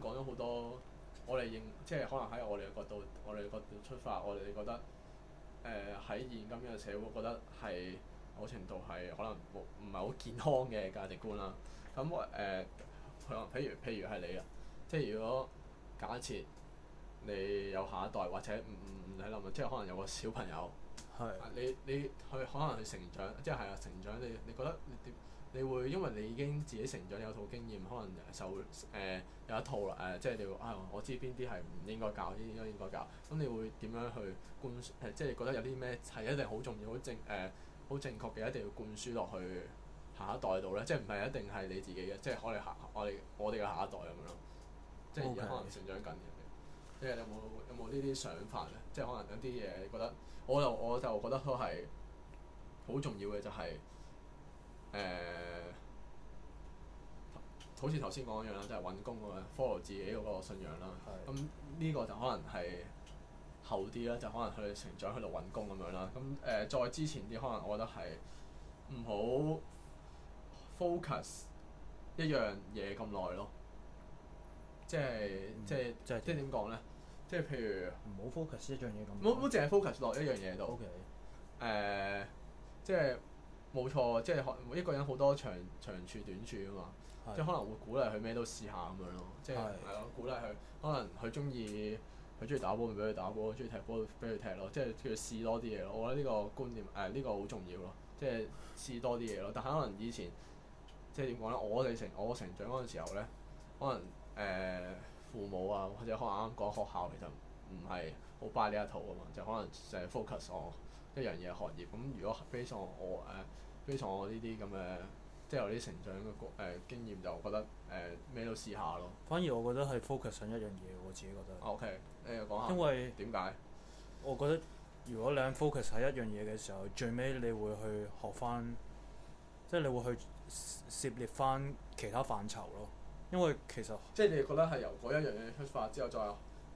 講咗好多，我哋認即係可能喺我哋嘅角度，我哋嘅角度出發，我哋覺得誒喺、呃、現今嘅社會，覺得係某程度係可能冇唔係好健康嘅價值觀啦。咁誒、呃，譬如譬如係你啊，即係如果假設你有下一代，或者唔唔唔喺諗啊，即係可能有個小朋友，係是的 你你去，可能去成長，即係係啊成長，你你覺得你點？你會因為你已經自己成長有套經驗，可能受誒、呃、有一套啦誒、呃，即係你會啊，我知邊啲係唔應該教，邊啲應該教。咁你會點樣去灌輸？即係覺得有啲咩係一定好重要、好正誒、好、呃、正確嘅，一定要灌輸落去下一代度咧？即係唔係一定係你自己嘅？即係可能下我哋我哋嘅下一代咁樣，即係而家可能成長緊嘅 Okay.。即係你冇有冇呢啲想法咧？即係可能有啲嘢你覺得，我就我就覺得都係好重要嘅，就係、是。誒、呃，好似頭先講一樣啦，即係揾工嗰個 follow 自己嗰個信仰啦。咁呢是、嗯這個就可能係後啲啦，就是、可能佢哋成長喺度揾工咁樣啦。咁誒、呃，再之前啲可能我覺得係唔好 focus 一樣嘢咁耐咯。即係、嗯、即係是即點講咧？即係譬如唔好 focus 一樣嘢咁耐。唔好唔好淨係 focus 落一樣嘢度。OK。誒，即係。冇錯，即係學一個人好多長長處短處啊嘛，的即係可能會鼓勵佢咩都試下咁樣咯，即係係咯鼓勵佢，可能佢中意佢中意打波咪俾佢打波，中意踢波俾佢踢咯，即係叫佢試多啲嘢咯。我覺得呢個觀念誒呢個好重要咯，即係試多啲嘢咯。但係可能以前即係點講咧？我哋成我成長嗰陣時候咧，可能誒、呃、父母啊或者可能啱啱講學校其實唔係好 buy 呢一套啊嘛，就係、可能淨係 focus 我。一樣嘢行業咁，如果非常我誒，非、呃、常我呢啲咁嘅，即係有啲成長嘅個誒經驗，就覺得誒咩、呃、都試下咯。反而我覺得係 focus 上一樣嘢，我自己覺得。啊、o、okay, K，你又講下。因為點解？我覺得如果你 focus 喺一樣嘢嘅時候，最尾你會去學翻，即係你會去涉涉獵翻其他範疇咯。因為其實即係你覺得係由嗰一樣嘢出發之後，再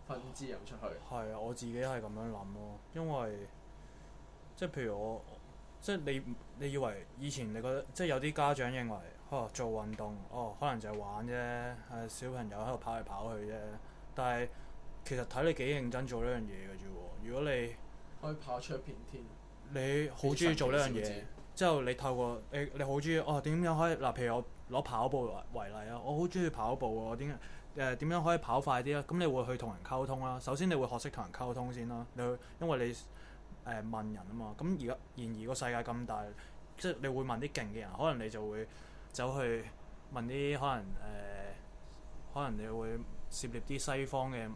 分支入出去。係啊，我自己係咁樣諗咯，因為。即係譬如我，即係你，你以為以前你覺得，即係有啲家長認為，哦、啊、做運動，哦可能就係玩啫，誒小朋友喺度跑嚟跑去啫。但係其實睇你幾認真做呢樣嘢嘅啫喎。如果你可以跑出一片天，你好中意做呢樣嘢，之後你透過你你好中意，哦、啊、點樣可以嗱、啊？譬如我攞跑步為例啊，我好中意跑步喎。我點誒點樣可以跑快啲啊？咁你會去同人溝通啦、啊。首先你會學識同人溝通先啦、啊。你會因為你。誒問人啊嘛，咁而家然而個世界咁大，即係你會問啲勁嘅人，可能你就會走去問啲可能誒、呃，可能你會涉獵啲西方嘅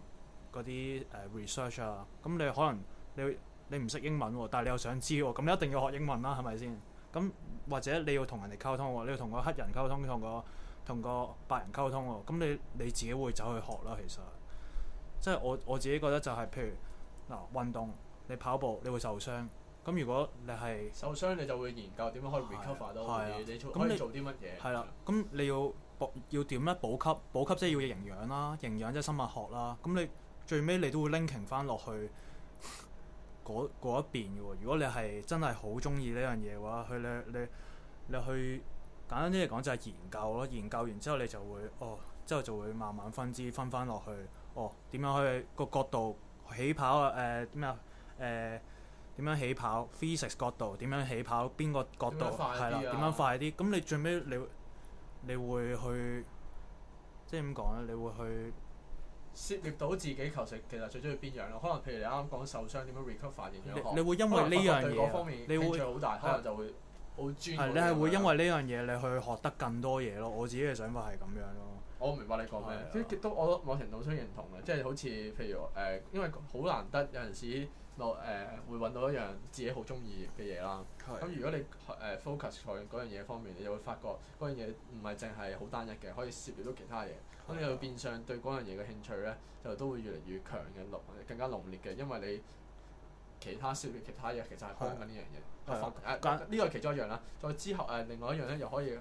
嗰啲誒 research 啊，咁你可能你你唔識英文喎、啊，但係你又想知喎、啊，咁你一定要學英文啦、啊，係咪先？咁或者你要同人哋溝通喎、啊，你要同個黑人溝通，同個同個白人溝通喎、啊，咁你你自己會走去學啦，其實，即係我我自己覺得就係、是、譬如嗱、呃、運動。你跑步你會受傷，咁如果你係受傷，你就會研究點樣可以 recover 到，的你做啲乜嘢？係啦的，咁你，你要要點咧補給？補給即係要營養啦，營養即係生物學啦。咁你最尾你都會 link 翻落去嗰一邊嘅喎。如果你係真係好中意呢樣嘢嘅話，去你你你去簡單啲嚟講就係研究咯。研究完之後你就會哦，之後就會慢慢分支分翻落去哦，點樣去個角度起跑啊？誒咩啊？誒點樣起跑？physics 角度點樣起跑？邊個角度係啦？點樣快啲、啊？咁你最尾你你會去即係點講咧？你會去涉獵到自己求食其實最中意邊樣咯？可能譬如你啱啱講受傷點樣 recover，點樣學你？你會因為呢樣嘢，方面你會興趣好大，可能就會好專。係你係會因為呢樣嘢，你去學得更多嘢咯？我自己嘅想法係咁樣咯。我明白你講咩？即都都，我某程度想認同嘅，即、就、係、是、好似譬如誒、呃，因為好難得有陣時。落誒、呃、會揾到一樣自己好中意嘅嘢啦。咁的如果你誒 focus 喺嗰樣嘢方面，你就會發覺嗰樣嘢唔係淨係好單一嘅，可以涉獵到其他嘢。咁的你就變相對嗰樣嘢嘅興趣咧，就都會越嚟越強嘅濃更加濃烈嘅，因為你其他涉獵其他嘢，其實係講緊呢樣嘢。係呢個係其中一樣啦。再之後誒、呃，另外一樣咧，又可以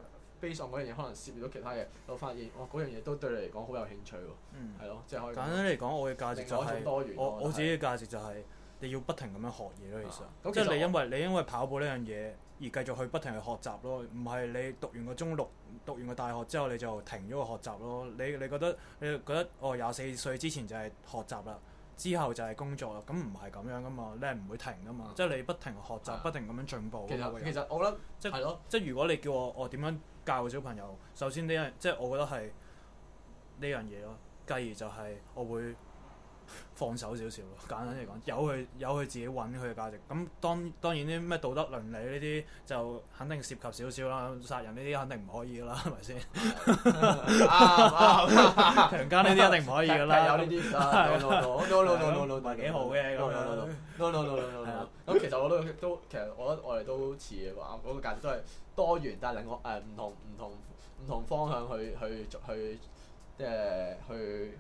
based on 嗰樣嘢，可能涉獵到其他嘢，就發現哇嗰樣嘢都對你嚟講好有興趣喎。嗯、咯，即係可以簡單嚟講，我嘅價值就係我我自己嘅價值就係、是。你要不停咁樣學嘢咯，其實、啊，即係你因為、啊、你因為跑步呢樣嘢而繼續去不停去學習咯，唔係你讀完個中六、讀完個大學之後你就停咗個學習咯。你你覺得你覺得哦，廿四歲之前就係學習啦，之後就係工作啦，咁唔係咁樣噶嘛，你係唔會停噶嘛，啊、即係你不停學習，的不停咁樣進步。其實，其實我覺得即係咯的，即係如果你叫我我點樣教小朋友，首先呢樣即係我覺得係呢樣嘢咯，繼而就係我會。放手少少咯，簡單嚟講，有佢由佢自己揾佢嘅價值。咁當當然啲咩道德倫理呢啲就肯定涉及少少啦，殺人呢啲肯定唔可以㗎啦，係咪先？強姦呢啲一定唔可以啦。有呢啲，囉囉囉囉囉幾好嘅咁樣。囉囉係啊。咁其實我都都其實我我哋都似嘅話嗰個價值都係多元，但係兩個誒唔同唔同唔同方向去去去即係去。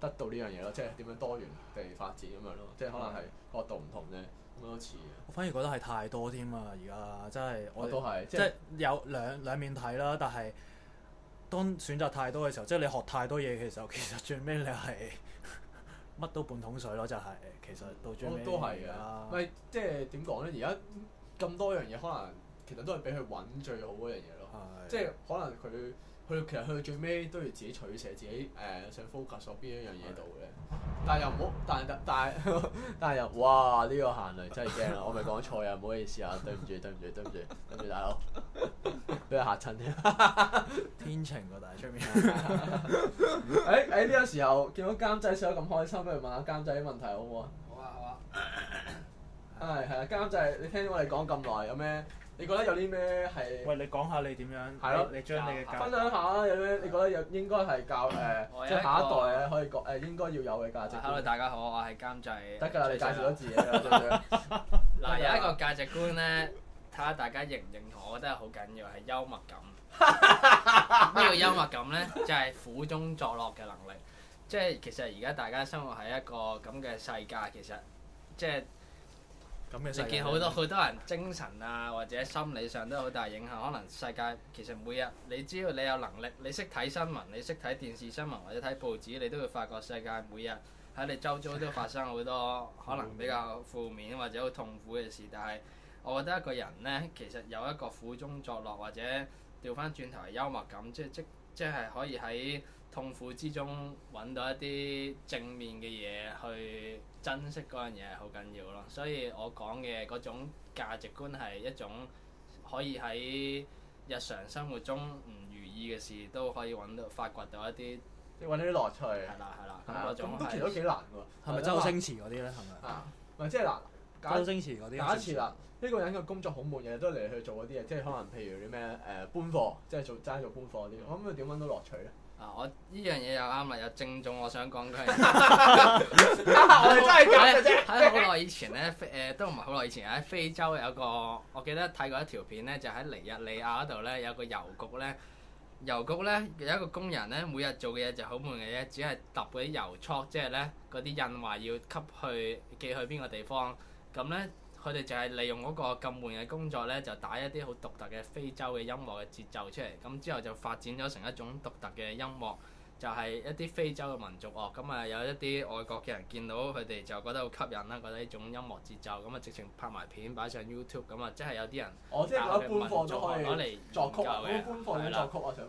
得到呢樣嘢咯，即係點樣多元地發展咁樣咯，即係可能係角度唔同啫，咁都似嘅。我反而覺得係太多添啊！而家真係我都係，即係、就是、有兩兩面睇啦。但係當選擇太多嘅時候，即係你學太多嘢嘅時候，其實最尾你係乜都半桶水咯，就係、是、其實到最尾。都係啊。咪在即係點講咧？而家咁多樣嘢，可能其實都係俾佢揾最好嗰樣嘢咯。即係的可能佢。佢其實去到最尾都要自己取捨，自己誒、呃、想 focus 喺邊一樣嘢度嘅。但係又唔好，但係但係但係又，哇！呢、呢個行雷真係驚啊！ 我咪講錯啊，唔好意思啊，對唔住對唔住對唔住，對唔住大佬，俾佢嚇親添。天晴喎，大出面。誒誒， 呢 個時候見到監製想咁開心，不如 問下監製啲問題好唔好，好啊？好啊好啊。係係啊，監製，你聽到我哋講咁耐，有咩？你覺得有啲咩係？喂，你講下你點樣？係咯，你將你嘅價值分享下啊！有咩？你覺得有應該係教誒，即係下一代咧可以講誒，應該要有嘅價值。Hello，大家好，我係監製。得㗎啦，你介紹咗自己啦，對唔對？嗱，有一個價值觀咧，睇下大家認唔認同，我覺得好緊要，係幽默感。呢個幽默感咧？就係苦中作樂嘅能力。即係其實而家大家生活喺一個咁嘅世界，其實即係。你見好多好、嗯、多人精神啊，或者心理上都有好大影響。可能世界其實每日，你只要你有能力，你識睇新聞，你識睇電視新聞或者睇報紙，你都會發覺世界每日喺你周遭都發生好多可能比較負面或者好痛苦嘅事。但係我覺得一個人呢，其實有一個苦中作樂或者調翻轉頭係幽默感，即係即即係可以喺痛苦之中揾到一啲正面嘅嘢去。珍惜嗰樣嘢係好緊要咯，所以我講嘅嗰種價值觀係一種可以喺日常生活中唔如意嘅事都可以揾到發掘到一啲，即揾啲樂趣。係啦係啦，咁嗰種都其實都幾難喎，係咪周星馳嗰啲咧？係咪？唔係即係嗱，假假設啦，呢個人嘅工作好悶，日日都嚟去做嗰啲嘢，即係可能譬如啲咩誒搬貨，即係做齋做搬貨嗰啲，我諗佢點揾到樂趣咧？啊！我呢樣嘢又啱啦，又正中我想講嘅、 啊。我真係假嘅啫。喺好耐以前咧，誒、呃、都唔係好耐以前喺、呃、非洲有個，我記得睇過一條片咧，就喺、是、尼日利亞嗰度咧有個郵局咧，郵局咧有一個工人咧，每日做嘅嘢就好悶嘅啫，只係揼嗰啲郵戳，即係咧嗰啲印話要吸去寄去邊個地方，咁咧。佢哋就係利用嗰個咁悶嘅工作咧，就打一啲好獨特嘅非洲嘅音樂嘅節奏出嚟，咁之後就發展咗成一種獨特嘅音樂，就係、是、一啲非洲嘅民族樂。咁、哦、啊、嗯、有一啲外國嘅人見到佢哋就覺得好吸引啦，覺得呢種音樂節奏咁啊、嗯、直情拍埋片擺上 YouTube 咁、嗯、啊，即係有啲人我即係攞搬貨咗嚟，攞嚟作曲，搬搬貨都作曲啊！想問的，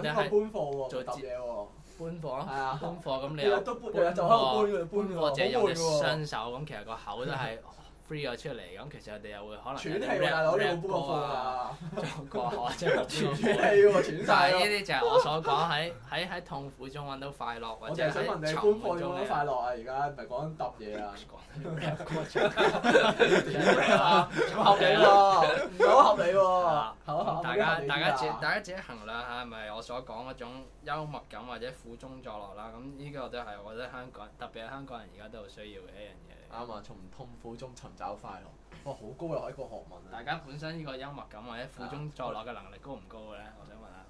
我哋係搬貨喎，做嘢喎，搬貨、啊、 搬貨咁你又搬個，或者有，有一雙手，咁 其實個口都係。free 咗出嚟，咁其實我哋又會可能喘氣喎，大佬呢個觀課啊，過海真係喘氣喎，喘曬咯。但係呢啲就係我所講喺喺喺痛苦中揾到快樂，或者喺愁苦中揾快樂啊！而家唔係講揼嘢啊，唔講，合理喎，唔好合理喎。大家大家自大家自己衡量下，係咪我所講嗰種幽默感或者苦中作樂啦。咁呢個都係我覺得香港特別係香港人而家都好需要嘅一樣嘢。啱啊！從痛苦中尋找快樂，哇，好高啊！一個學問啊！大家本身呢個幽默感或者苦中作樂嘅能力高唔高嘅咧？我想問下，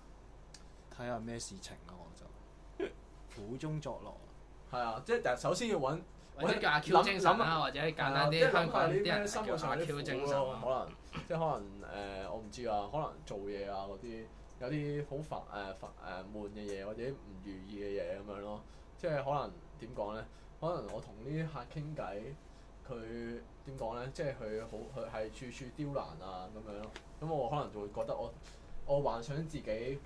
睇下咩事情啊？我就苦中作樂，係啊！即係但係首先要揾或者叫阿 Q 精神啊，或者簡單啲香港啲人叫阿 Q 精神，可能即係可能誒，我唔知啊，可能做嘢啊嗰啲有啲好煩誒煩誒悶嘅嘢，或者唔如意嘅嘢咁樣咯，即係可能點講咧？可能我同呢啲客傾偈，佢點講咧？即係佢好佢係處處刁難啊咁樣咯，咁、嗯、我可能就會覺得我我幻想自己。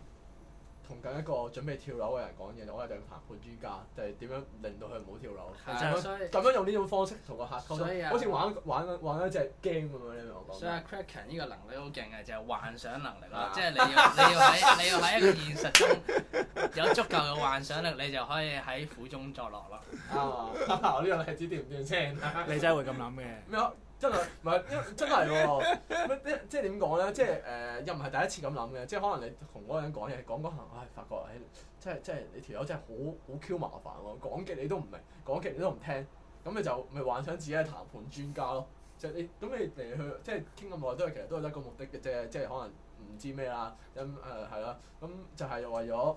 同緊一個準備跳樓嘅人講嘢，我係對佢談判專家，就係點樣令到佢唔好跳樓，咁的樣以用呢種方式同個客，所以啊、好似玩玩玩一隻 game 咁樣。你明我講，所以 Cracken、啊、呢個能力好勁嘅，就係、是、幻想能力啦， 即係你要你要喺你要喺一個現實中有足夠嘅幻想力，你就可以喺苦中作樂咯。哦、 啊，我呢個例子掂唔掂？先你真係會咁諗嘅。 真係，唔係，真係喎！即係即係點講咧？即係誒、呃、又唔係第一次咁諗嘅，即係可能你同嗰個人講嘢，講講下，唉、哎，發覺誒、哎，即係即係你條友真係好好 Q 麻煩咯，講極你都唔明，講極你都唔聽，咁你就咪幻想自己係談判專家咯？即係你咁你嚟去即係即係傾咁耐都係其實都係一個目的嘅啫，即係可能唔知咩啦，咁誒係啦，咁就係又為咗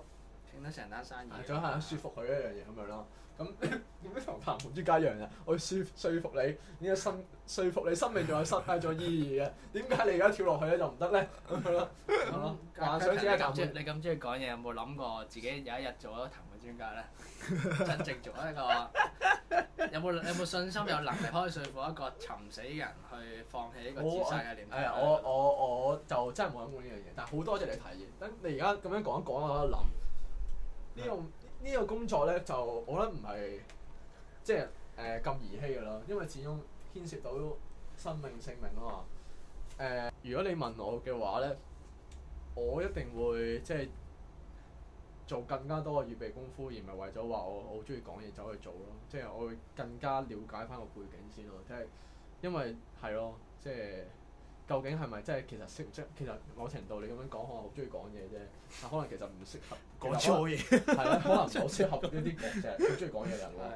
傾得成單生意，想係舒服佢、啊啊、一樣嘢咁樣咯。咁點解同談判專家一樣嘅？我要説説服你，你嘅心説服你生命仲有失去咗意義嘅，點解你而家跳落去咧就唔得咧？係 咯、嗯，係、嗯、咯。話想知你咁中，你咁中意講嘢，有冇諗過自己有一日做咗談判專家咧？ 真正做一個，有冇有冇信心、有能力可以説服一個尋死嘅人去放棄呢個自殺嘅念頭、 嗯嗯哎？我我我就真係冇諗過呢樣嘢。但係好多謝你提議。咁你而家咁樣講一講，我喺諗呢種。嗯嗯呢個工作咧就我覺得唔係即係誒咁兒戲㗎啦，因為始終牽涉到生命性命啊嘛。誒、呃，如果你問我嘅話咧，我一定會即係做更加多嘅預備功夫，而唔係為咗話我我好鍾意講嘢走去做咯。即係我會更加了解返個背景先咯，即係因為係咯，即係。究竟係咪真係，其實識唔識，其實某程度你咁樣講，可能好中意講嘢啫。但可能其實唔適合講粗嘢，係啦錯錯。可能唔好適合一啲講嘢，好中意講嘢人啦。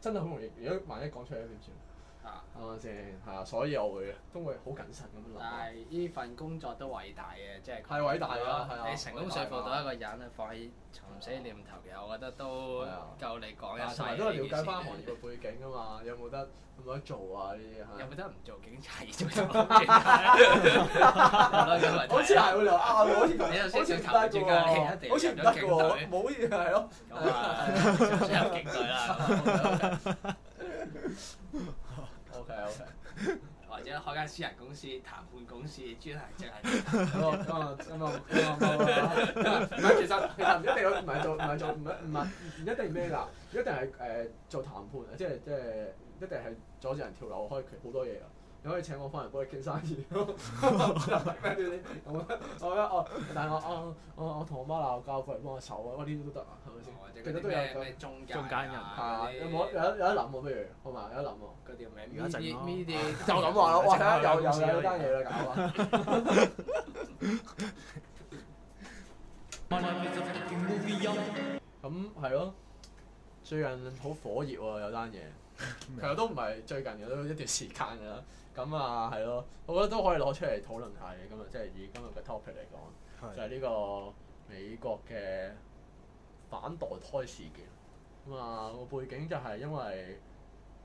真係好容易，如果萬一講出嚟，點算？啊，係咪先？係所以我會都會好謹慎咁諗。但係呢份工作都偉大嘅，即係係偉大咯。你成功說服到一個人，放喺尋死念頭嘅，我覺得都夠你講一世。都係了解翻行業嘅背景啊嘛，有冇得咁樣做啊？呢啲有冇得唔做警察而做其他？好似係喎，你又想做其他？好似唔得喎，冇嘢係咯。咁啊，有警隊啦。O K O K，或者開間私人公司，談判公司判，主要係淨係，咁唔係，其實其實唔一定，唔係做唔係做唔唔唔唔一定咩㗎，一定係誒、呃、做談判，即係即係一定係阻止人跳樓，可以好多嘢㗎。你可以請我翻嚟幫你傾生意，又咩啲？我覺得我覺得哦，但係我我我我同我媽鬧交，翻嚟幫我手啊，呢啲都得啊，係咪先？其實都有咩中間人啊？係啊，有冇有有得諗喎？不如好嘛？有得諗喎？嗰啲名，一陣咯。就咁話咯，我睇下有冇其他單嘢嚟搞啊！咁係咯，最近好火熱喎，有單嘢，其實都唔係最近有都一段時間嘅啦。咁啊，係咯，我覺得都可以攞出嚟討論下嘅。今日即係以今日嘅 topic 嚟講，的就係呢個美國嘅反墮胎事件。咁啊，個背景就係因為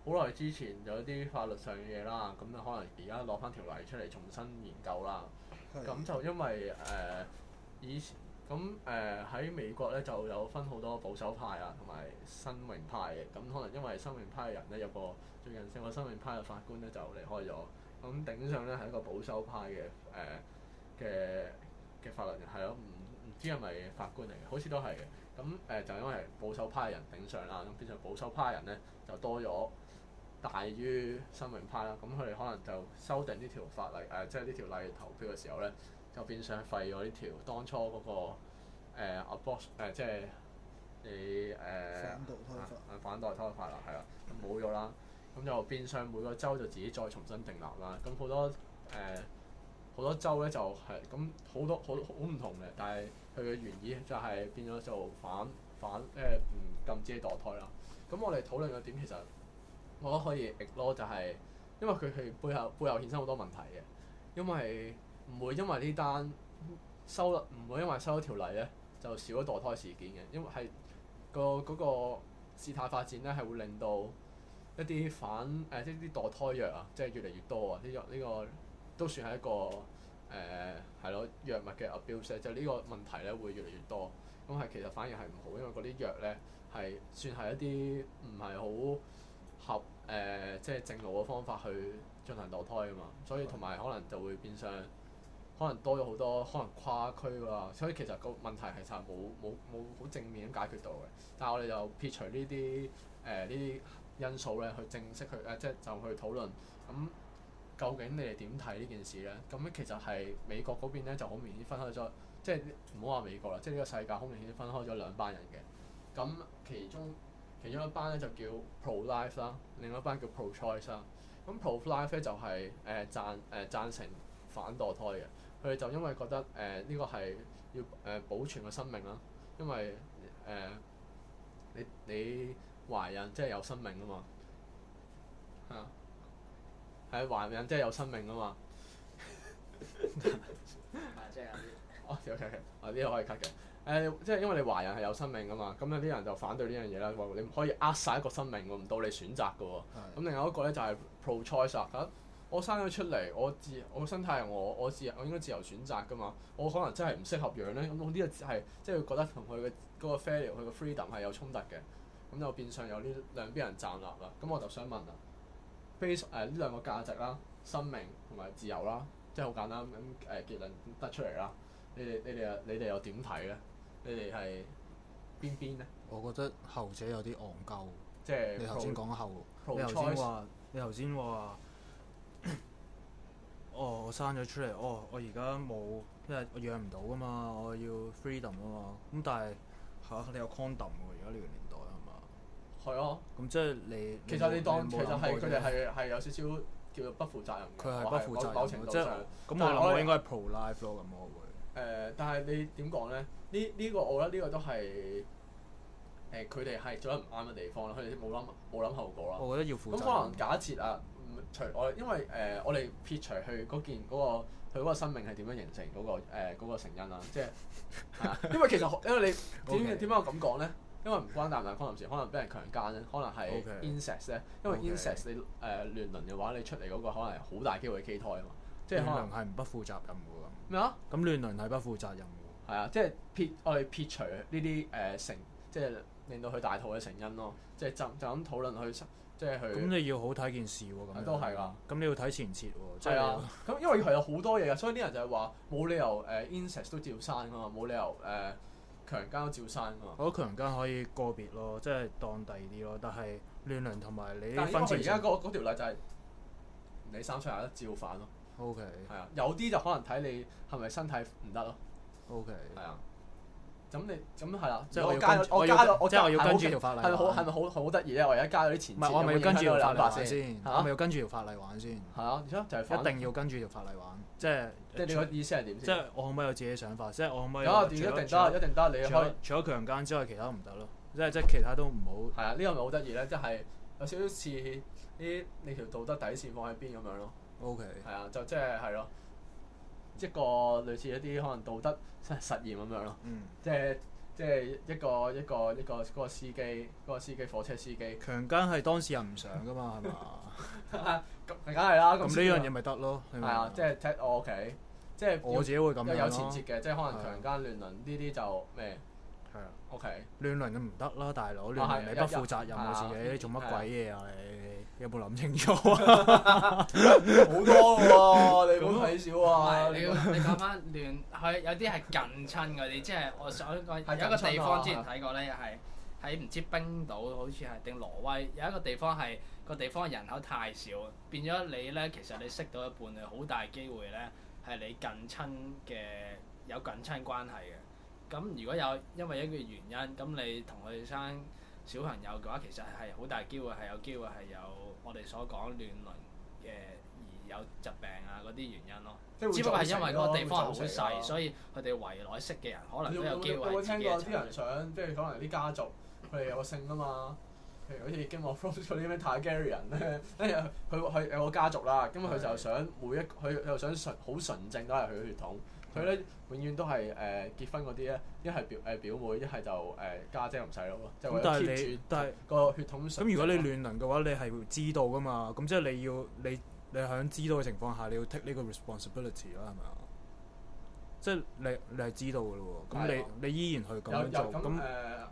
好耐之前有啲法律上嘅嘢啦，咁啊，可能而家攞翻條例出嚟重新研究啦。咁的就因為誒、呃、以前。咁誒喺美國咧就有分好多保守派啊，同埋新穎派嘅。咁可能因為新穎派嘅人咧，有個最近成個新穎派嘅法官咧就離開咗。咁頂上咧係一個保守派嘅誒嘅嘅法律人係咯，唔唔知係咪法官嚟嘅？好似都係嘅。咁誒、呃、就因為保守派嘅人頂上啦，咁變成保守派嘅人咧就多咗大於新穎派啦。咁佢哋可能就修訂呢條法例誒，即係呢條例投票嘅時候咧。又變相廢咗呢條當初嗰、那個、呃、abort、呃、即係你誒、呃、反墮胎法、啊，反墮啦，係啦，冇咗啦。咁就變相每個州就自己再重新定立啦。咁好多誒好、呃、多州咧就係咁好多好好唔同嘅，但係佢嘅原意就係變咗做反反誒嗯、呃、禁止墮胎啦。咁我哋討論嘅點，其實我覺得可以 ignore 就係、是、因為佢係背後背後衍生好多問題嘅，因為唔會因為呢單收唔會因為收咗條例咧，就少咗墮胎事件嘅，因為係、個嗰個事態發展咧，係會令到一啲反誒即係啲墮胎藥啊，即係越嚟越多啊！呢個呢個、這個、都算係一個誒係咯藥物嘅啊 abuse 即係呢個問題咧會越嚟越多。咁係其實反而係唔好，因為嗰啲藥咧係算係一啲唔係好合誒、呃，即係正路嘅方法去進行墮胎啊嘛。所以同埋可能就會變相。可能多咗好多，可能跨區㗎，所以其實個問題係就冇冇冇好正面咁解決到嘅。但係我哋就撇除呢啲誒呢啲因素咧，去正式去誒即係就去討論咁究竟你哋點睇呢件事咧？咁其實係美國嗰邊咧就好明顯分開咗，即係唔好話美國啦，即係呢個世界好明顯分開咗兩班人嘅。咁其中其中一班咧就叫 Pro Life 啦，另外一班叫 Pro Choice 啦。咁 Pro Life 咧就係誒贊誒贊成反墮胎嘅。佢哋就因為覺得誒呢、呃這個係要誒、呃、保存個生命啦、啊，因為誒、呃、你你懷孕即係有生命啊嘛，係啊，係懷孕即係有生命啊嘛。係 啊，即係哦，OK OK，啲、啊這個、可以 cut 嘅，誒、呃、即係因為你懷孕係有生命啊嘛，咁有啲人就反對呢樣嘢啦，話你可以扼殺一個生命喎、啊，唔到你選擇嘅喎，咁是的 另外一個咧就係、是、prochoice 啊。我生咗出嚟，我自我個身體係我，我自我應該自由選擇㗎嘛。我可能真係唔適合養咧，咁呢個係即係覺得同佢嘅 failure 佢嘅 freedom 係有衝突嘅。咁就變相有呢兩邊人站立啦。咁我就想問啊，非誒呢兩個價值啦，生命同埋自由啦，即係好簡單咁誒、呃、結論得出嚟啦。你哋你哋你哋又點睇咧？你哋係邊邊咧？呢呢，我覺得後者有啲戇鳩，即係是你頭先講後，你頭先話你頭先話。哦，我生咗出嚟，哦，我而家冇，因為我養唔到噶嘛，我要 freedom 啊嘛。咁但係嚇、啊，你有 condom 喎，而家呢個年代係嘛？係啊、哦。咁、嗯、即係你其實你當你其實係佢哋係係有少少叫做不負責任嘅話，某某程度上，即但係是我，我應該 pro life 咯，咁我會。誒、呃，但係你點講咧？呢呢、呢個我覺得呢個都係誒，佢哋係做得唔啱嘅地方啦。佢哋冇諗冇諗後果啦。我覺得要負責。咁可能假設啊。除我，因為誒、呃，我哋撇除去件嗰佢嗰個生命係點樣形成嗰、嗰個誒、呃嗰個、成因啦、啊，即係、啊，因為其實因為你點點解我咁講咧？因為唔關大唔大康唔時，可能俾人強奸，咧，可能係 incest 咧，因為 incest 你誒、呃、亂倫嘅話，你出嚟嗰個可能好大機會畸胎啊嘛，即係可能係唔不負責任嘅咁。咩啊？咁亂倫係不負責任嘅，啊，即係撇我哋撇除呢啲誒成，即係令到佢大肚嘅成因咯，即係就就咁討論佢。即係佢，咁你要好睇件事喎、啊，咁都係㗎。咁你要睇前設喎，係啊。咁因為佢有好多嘢㗎，所以啲人就係話冇理由誒、呃、，incest 都照生㗎嘛，冇理由誒、呃、強奸都照生㗎嘛。我覺得強奸可以個別咯，即係當地啲咯。但係亂倫同埋你，但因為而家嗰條例就係你三出廿一照反咯。OK，係啊。Okay. 有啲就可能睇你係咪身體唔得咯。OK，係啊。Okay. 咁你咁係啦，即係我加咗，我加咗，即係我要跟住條法例。係咪好？係咪好好得意咧？我而家加咗啲錢，唔係我咪要跟住條法例先，我咪要跟住條法例玩先。係啊，就係一定要跟住條法例玩，即係即係你意思係點先？即係我可唔可以有自己嘅想法？即係我可唔可以？一定得，一定得。你咗除咗強姦之外，其他唔得咯。即係即係其他都唔好。係啊，呢個咪好得意咧，即係有少少似啲你條道德底線放喺邊咁樣咯。O K。係啊，就即係係咯。一個類似一啲可能道德實驗咁樣咯，嗯，即係即係一個一個一個嗰個司機嗰個司機火車司機強姦係當事人唔想噶嘛，係嘛？咁梗係啦。咁呢樣嘢咪得咯？係啊，即係踢我屋企，即係我自己會咁樣。有前設嘅，即係可能強姦亂倫呢啲就咩？O Okay . K，亂倫都唔得啦，大佬！亂倫、啊、你不負責任喎，啊、自己做乜鬼嘢啊？你有冇諗清楚啊？好多噶喎，你唔好睇少啊！你你講翻亂，佢有啲係近親嗰啲，即係 我是我我是有一個地方之前睇過咧，係喺唔知冰島好似係定挪威，有一個地方係、嗰個地方人口太少，變咗你咧，其實你識到一半，你好大機會咧係你近親嘅有近親關係嘅。咁如果有因為一個原因，咁你同佢哋生小朋友嘅話，其實係好大機會係有機會係有我哋所講亂倫嘅而有疾病啊嗰啲原因咯。即會只不過係因為嗰個地方好細，所以佢哋圍內識嘅人可能都有機會嘅。我聽過啲人想即係可能有啲家族，佢哋有個姓啊嘛。譬 如好似《Game of Thrones》嗰啲咩泰加人咧，誒佢佢有個家族啦，咁佢就想每一佢又想純好純正都係佢血統。佢咧永遠都係誒、呃、結婚嗰啲咧，一係表誒表妹，一係就誒家、呃、姐同細佬咯，即係為咗但係個血統上咁。如果你亂倫嘅話，你係會知道噶嘛？咁即係你要你你喺知道嘅情況下，你要 take 呢個 responsibility 啦，係咪啊？即係你你係知道嘅喎，咁你、哎、呦你依然去咁樣做咁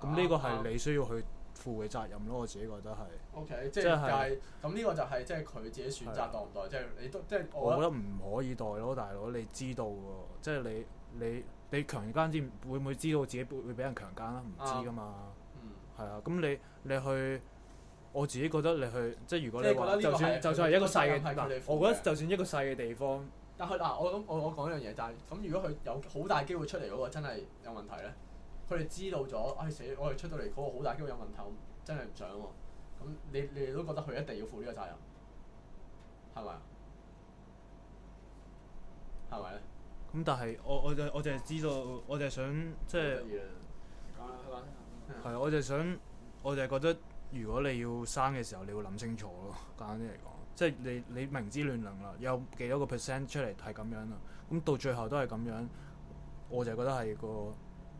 咁呢個係你需要去負嘅責任咯，我自己覺得係。O、okay, K，即係但係咁呢個就係即係佢自己選擇代唔代，即係的你都即係、就是、我覺得唔可以代咯，大佬，你知道喎，即、就、係、是、你你你強姦之會唔會知道自己會會俾人強姦啦？唔知噶嘛、啊，嗯，係啊，咁你你去，我自己覺得你去即係如果你覺得個就算就算係一個細嘅，我覺得就算一個細嘅地方，但係嗱、啊，我諗我我講一樣嘢就係、是、咁，如果佢有好大機會出嚟嗰個真係有問題咧。佢哋知道咗，唉、哎、死！我哋出到嚟嗰個好大機會有問題，真係唔想喎、啊。咁你你哋都覺得佢一定要負呢個責任，係咪？係咪咧？咁、嗯、但係我我就我就係知道，我就係想即係得意啦。我就係想，我就係覺得，如果你要生嘅時候，你要諗清楚咯。簡單啲嚟講，即係你你明知亂嚟啦，有幾多個 percent 出嚟係咁樣啦。咁到最後都係咁樣，我就覺得係個，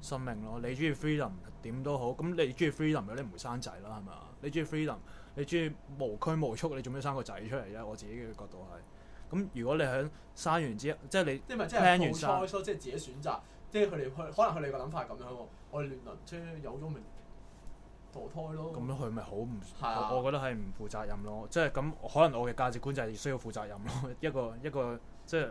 生命咯，你中意 freedom 點都好，咁你中意 freedom 嗰啲唔會生仔啦，係咪？你中意 freedom，你中意無拘無束，你做咩生個仔出嚟啫？我自己嘅角度係，咁如果你喺生完之，即係你即，聽完 choice 即係自己選擇，即係佢哋去，可能佢哋嘅諗法係咁樣喎，我哋聯誼即係有咗命，墮胎咯。咁樣佢咪好唔？我覺得係唔負責任咯，即係咁，可能我嘅價值觀就係需要負責任咯，一個一個，一個，一個即係。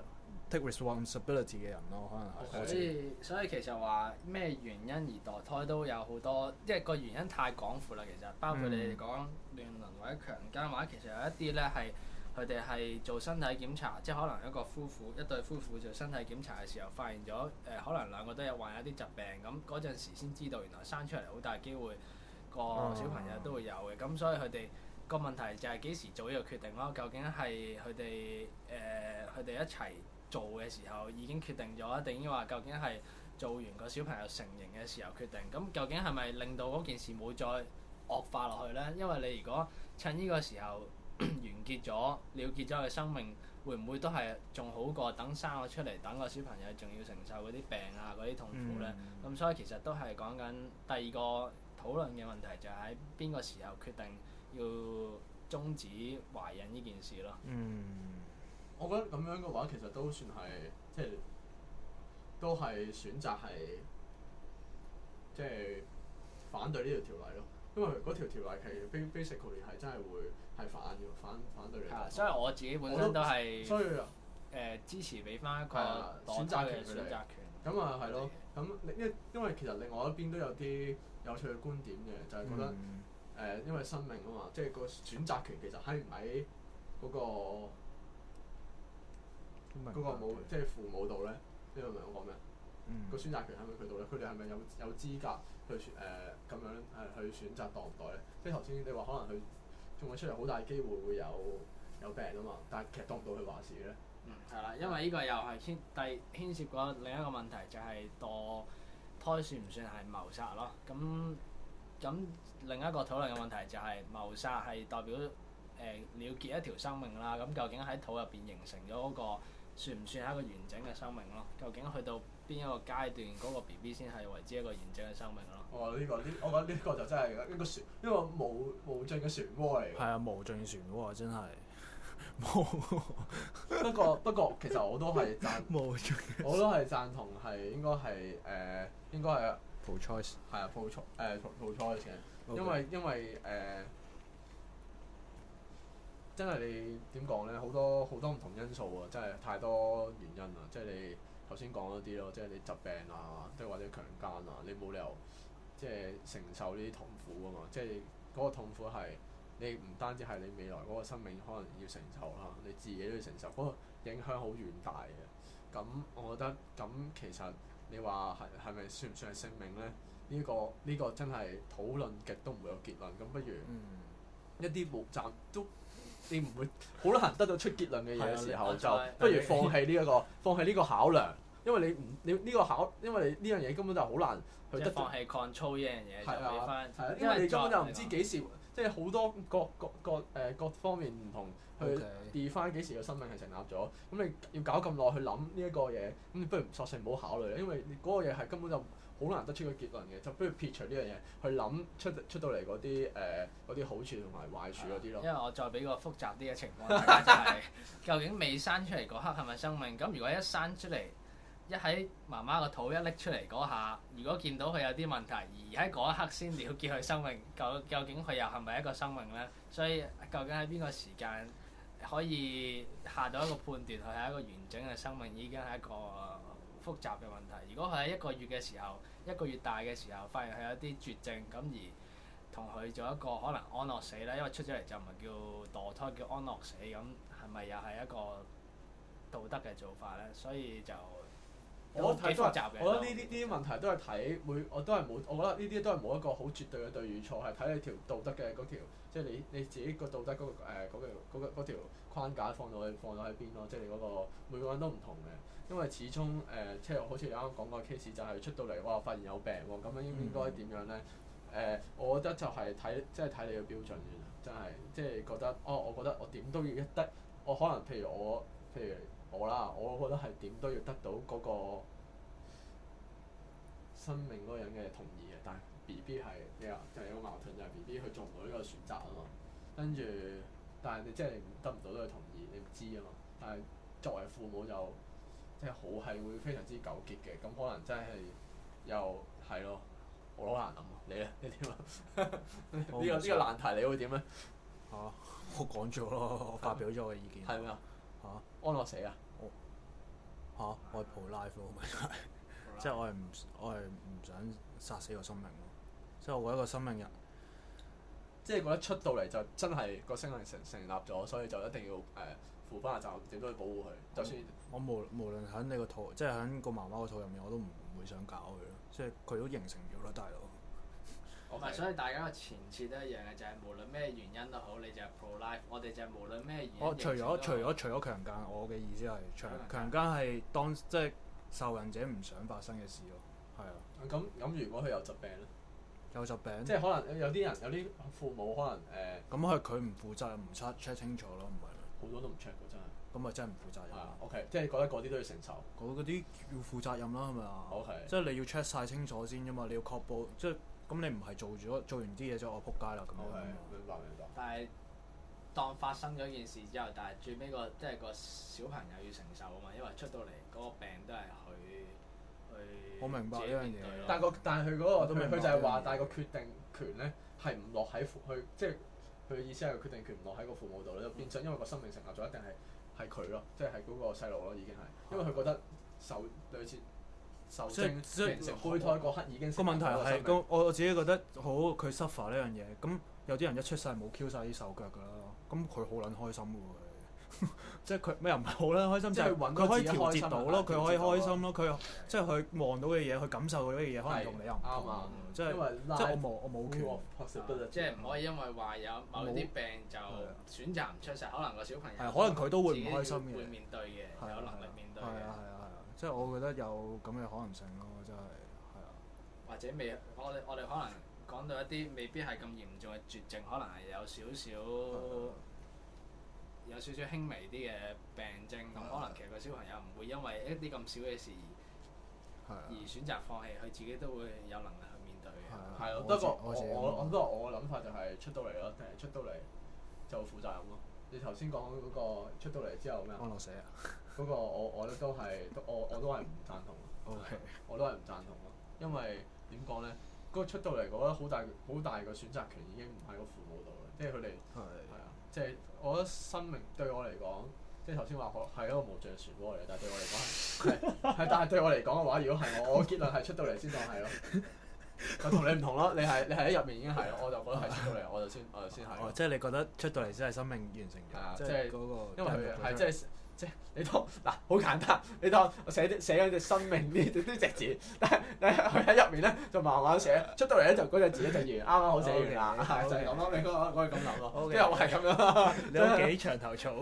take responsibility 嘅人咯，可能係，所以所以，其實話咩原因而墮胎都有好多，因為個原因太廣闊啦。其實包括你哋講亂倫或者強姦話，嗯、其實有一啲咧係佢哋係做身體檢查，即係可能一個夫婦一對夫婦做身體檢查嘅時候發現咗誒、呃，可能兩個都有患一啲疾病，咁嗰陣時先知道，原來生出嚟好大機會、個小朋友都會有嘅。咁、嗯嗯、所以佢哋個問題就係幾時做呢個決定咯？究竟係佢哋誒佢哋一齊做嘅時候已經決定咗，定係話究竟係做完個小朋友成形嘅時候決定。咁究竟係咪令到嗰件事冇再惡化落去呢？因為你如果趁呢個時候 完結咗、了結咗佢生命，會唔會都係仲好過等生咗出嚟，等個小朋友仲要承受嗰啲病啊、嗰啲痛苦呢？咁、mm hmm. 所以其實都係講緊第二個討論嘅問題，就係喺邊個時候決定要終止懷孕呢件事咯。嗯、mm。Hmm. 我覺得咁樣嘅話，其實都算係，即係都係選擇係，即係反對呢條條例咯。因為嗰條條例係 basically 係真係會係反反反對嘅。係，所以我自己本身都係，所以誒、啊呃、支持俾翻一個選擇權佢哋。選擇權。咁啊，係咯對。咁因因為其實另外一邊都有啲有趣嘅觀點嘅，就係、是、覺得誒、嗯呃，因為生命啊嘛，即係個選擇權其實喺唔喺嗰個？嗰個冇即係父母度咧，呢個問我講咩？個、嗯、選擇權係咪佢度咧？佢哋係咪有有資格去誒咁、呃、樣誒去選擇墮胎咧？即係頭先你話可能佢仲會出嚟，好大機會會有有病啊嘛。但係其實當唔到佢話事嘅咧。嗯，係啦，因為呢個又係牽第牽涉過另一個問題，就係、是、墮胎算唔算係謀殺咯？咁咁另一個討論嘅問題就係謀殺係代表誒、呃、了結一條生命啦。咁究竟喺肚入邊形成咗嗰、那個？算唔算係一個完整嘅生命咯？究竟去到邊一個階段，嗰個 B B 先係為之一個完整嘅生命咯？哦，呢、這個，呢我覺得呢個就真係一個船，呢、這個無無盡嘅漩渦嚟嘅。係啊，無盡漩渦真係。冇。 不過不過，其實我都係贊， 無盡的我都係贊同係應該係誒，應該係 full choice、啊。係啊 full choice 因為 Okay. 因為誒。呃真係你點講咧？好多好多唔同因素啊！真係太多原因啦。即係你頭先講嗰啲咯，即係你疾病啊，即係或者強姦啊，你冇理由即係承受呢啲痛苦㗎嘛。即係嗰個痛苦係你唔單止係你未來嗰個生命可能要承受啦，你自己都要承受。嗰個影響好遠大嘅。咁我覺得咁其實你話係係咪算唔算係性命咧？呢個呢個真係討論極都唔會有結論。咁不如一啲木暫都。你唔會好難得到出結論嘅嘢嘅時候， 就不如放棄呢、這、一個 放棄呢、這個、個考量，因為你唔你呢個考，因為呢樣嘢根本就好難去得出。放棄 control 依樣嘢，就俾翻，因為你根本就唔知幾時，即係好多各各各、呃、各方面唔同去 define 翻幾時嘅生命係成立咗。咁 Okay.、嗯、你要搞咁耐去諗呢一個嘢，咁不如不索性唔好考慮，因為你嗰個嘢係根本就。好難得出個結論嘅，就不如撇除呢樣嘢去諗出出到嚟嗰啲誒啲好處同埋壞處嗰啲咯。因為我再俾個複雜啲嘅情況 就係、是，究竟未生出嚟嗰刻係咪生命？咁如果一生出嚟，一喺媽媽個肚一拎出嚟嗰下，如果見到佢有啲問題，而喺嗰一刻先了結佢生命，究究竟佢又係咪一個生命咧？所以究竟喺邊個時間可以下到一個判斷，佢係一個完整嘅生命，已經係一個。複雜嘅問題，如果佢喺一個月嘅時候，一個月大嘅時候，發現佢有啲絕症，咁而同佢做一個可能安樂死啦。因為出咗嚟就唔係叫墮胎，叫安樂死，咁係咪又係一個道德嘅做法呢？所以就。我睇都集嘅，我覺得呢啲啲問題都係睇每，我都係冇，我覺得呢啲都係冇一個好絕對嘅對與錯，係睇你條道德嘅嗰條，即、那、係、個就是、你你自己個道德嗰、嗰個誒嗰條框架放到去，放到喺邊咯，即係你嗰、嗰個每個人都唔同嘅，因為始終誒，即、呃、係、就是、好似啱啱講個 case 就係出到嚟哇，發現有病喎，咁樣應應該點樣咧？誒、mm hmm. 呃，我覺得就係睇即係睇你嘅標準，真係即係覺得，哦，我覺得我點都要一得。我可能譬如我譬如。我啦，我覺得係點都要得到嗰個生命嗰個人嘅同意嘅，但係 B B 係咩啊？又、就係、有矛盾就係、係、B B 佢做唔到呢個選擇啊嘛。跟住，但係你即係得唔到都係同意，你唔知啊嘛。但係作為父母就即係、就係、好係會非常之糾結嘅。咁可能真係又係咯，我好難諗。你咧，你點啊？呢個呢個難題，你會點咧？嚇、啊！我講咗咯，我發表咗我嘅意見。係咩 啊？嚇！安樂死啊！啊、我係 pro-life 咯， 即係我係唔我係唔想殺死個生命咯，即係我覺得一個生命人，即係覺得出到嚟就真係、個生命成成立咗，所以就一定要誒、呃、扶翻下站，點都要保護佢，我就算我無無論喺你個肚，即係喺個媽媽個肚入面，我都唔會想搞佢咯，即係佢都形成咗啦，大佬。我 Okay. 所以大家嘅前設都一樣嘅，就係、是、無論咩原因都好，你就 pro life。我哋就無論咩原因。我除咗除咗除咗強姦，我嘅意思係、嗯、了強強姦係當即係、就是、受孕者唔想發生嘅事咯，係啊。咁咁、嗯，如果佢有疾病咧？有疾病。即係可能有啲人有啲父母可能誒，咁係佢唔負責唔 check check 清楚咯，唔係。好多都唔 check 㗎真係。咁咪真係唔負責任。啊 Yeah，OK，即係覺得嗰啲都要承受，嗰啲要負責任啦，係咪啊？OK。即係你要 check 晒清楚先㗎嘛，你要確保即係。咁、嗯、你唔係做住咗，做完啲嘢之後我撲街啦，咁樣 okay，明。明白明白。但係當發生咗件事之後，但係最尾個即係個小朋友要承受啊嘛，因為出到嚟嗰個病都係佢，佢。我明白呢樣嘢。但個但係佢嗰個，佢就係話，但係個決定權咧係唔落喺佢，即係佢嘅意思係決定權唔落喺個父母度咧，就變相因為個生命成立咗，一定係係佢咯，即係係嗰個細路咯，已經係，因為佢覺得受對住。即係即係胚胎嗰刻已經，個問題係個我自己覺得好佢 suffer 呢樣嘢，咁有啲人一出世冇 Q 晒啲手腳㗎啦，咁佢好撚開心嘅喎，即係佢咩又唔係好撚開心，即係佢可以調節到咯，佢可以開心咯，佢即係佢望到嘅嘢，佢感受到嘅嘢，可能同你又唔啱。即係即係我冇我冇 Q，即係唔可以因為話有某啲病就選擇唔出世，可能個小朋友可能佢都會唔開心嘅，會面對嘅，有能力面對嘅，係啊係啊。即係我覺得有咁嘅可能性咯，真、就、係、是，係啊。或者未，我我哋可能講到一啲未必係咁嚴重嘅絕症，可能係有少少，啊、有少少輕微啲嘅病症，咁、啊、可能其實個小朋友唔會因為一啲咁少嘅事，而選擇放棄，佢、啊、自己都會有能力去面對嘅。啊。不過、啊、我我諗我法就係出到嚟咯，定係出到嚟就負責任咯。你頭先講嗰個出到嚟之後咩啊？安樂死啊！嗰個我我咧都係，我都我,我都係唔贊同，OK，我都係唔贊同咯。因為點講咧，嗰、那個、出到嚟，我覺得好大好大個選擇權已經唔喺個父母度，即係佢哋係啊。即、就、係、是的就是、我覺得生命對我嚟講，即係頭先話學係一個無盡嘅漩渦嚟，但係對我嚟講係，但係對我嚟講嘅話，如果係我，我結論係出到嚟先當係咯。 就你同你唔同咯，你係你係喺入面已經係咯，的我就覺得係出到嚟，我就先我就先係。即係、哦就是、你覺得出到嚟先係生命完成嘅，即係嗰個，因為係即係。即係你當嗱好簡單，你當我寫啲寫嗰隻生命啲啲隻字，但係佢喺入面咧就慢慢寫出到嚟咧，就嗰隻字寫完，啱啱好寫完啊，就係咁咯。你可可以咁諗咯，因為我係咁樣。你都幾長頭草，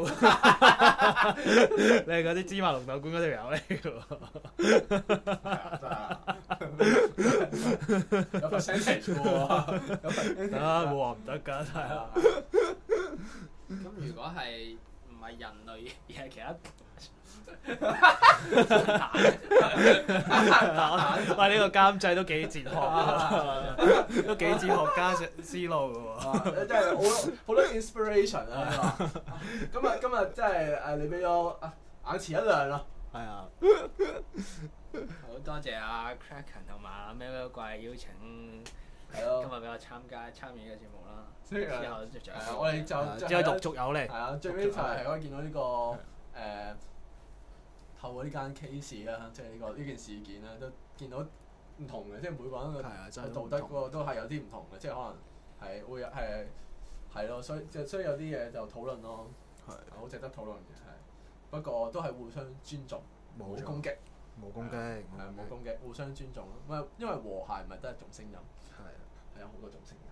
你係嗰啲芝麻綠豆官嗰啲嚟㗎喎。有份升旗喎，得冇？話唔得㗎，係啊。咁如果係？唔係人類，而係其他。喂， 呢、 哎呢個監製都幾哲學，都幾哲學家思路嘅喎。 真係好好多，多 inspiration 啊！今日今日真係誒，你俾到眼前一亮咯。係啊，好多謝阿 Cracken 同埋咩咩怪邀請。係咯，今日畀我參加參與嘅節目啦，之後都我哋就繼續有咧。係啊，最尾就係可以見到呢個誒透過呢間 case 啦，即係呢個呢件事件咧，都見到唔同嘅，即係每個人啊，就係道德嗰個都係有啲唔同嘅，即係可能係會有係係咯，所以就所以有啲嘢就討論咯，係好值得討論嘅，係不過都係互相尊重，冇攻擊，冇攻擊，係冇攻擊，互相尊重。唔係因為和諧，唔係得一種聲音。係有好多種聲音，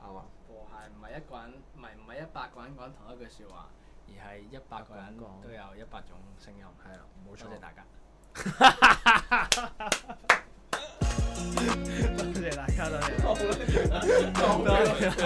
啱啊，和諧唔係一個人，唔係唔係一百個人講同一句説話，而係一百個人都有一百種聲音。係啊，冇錯，多謝大家。多謝大家，多謝。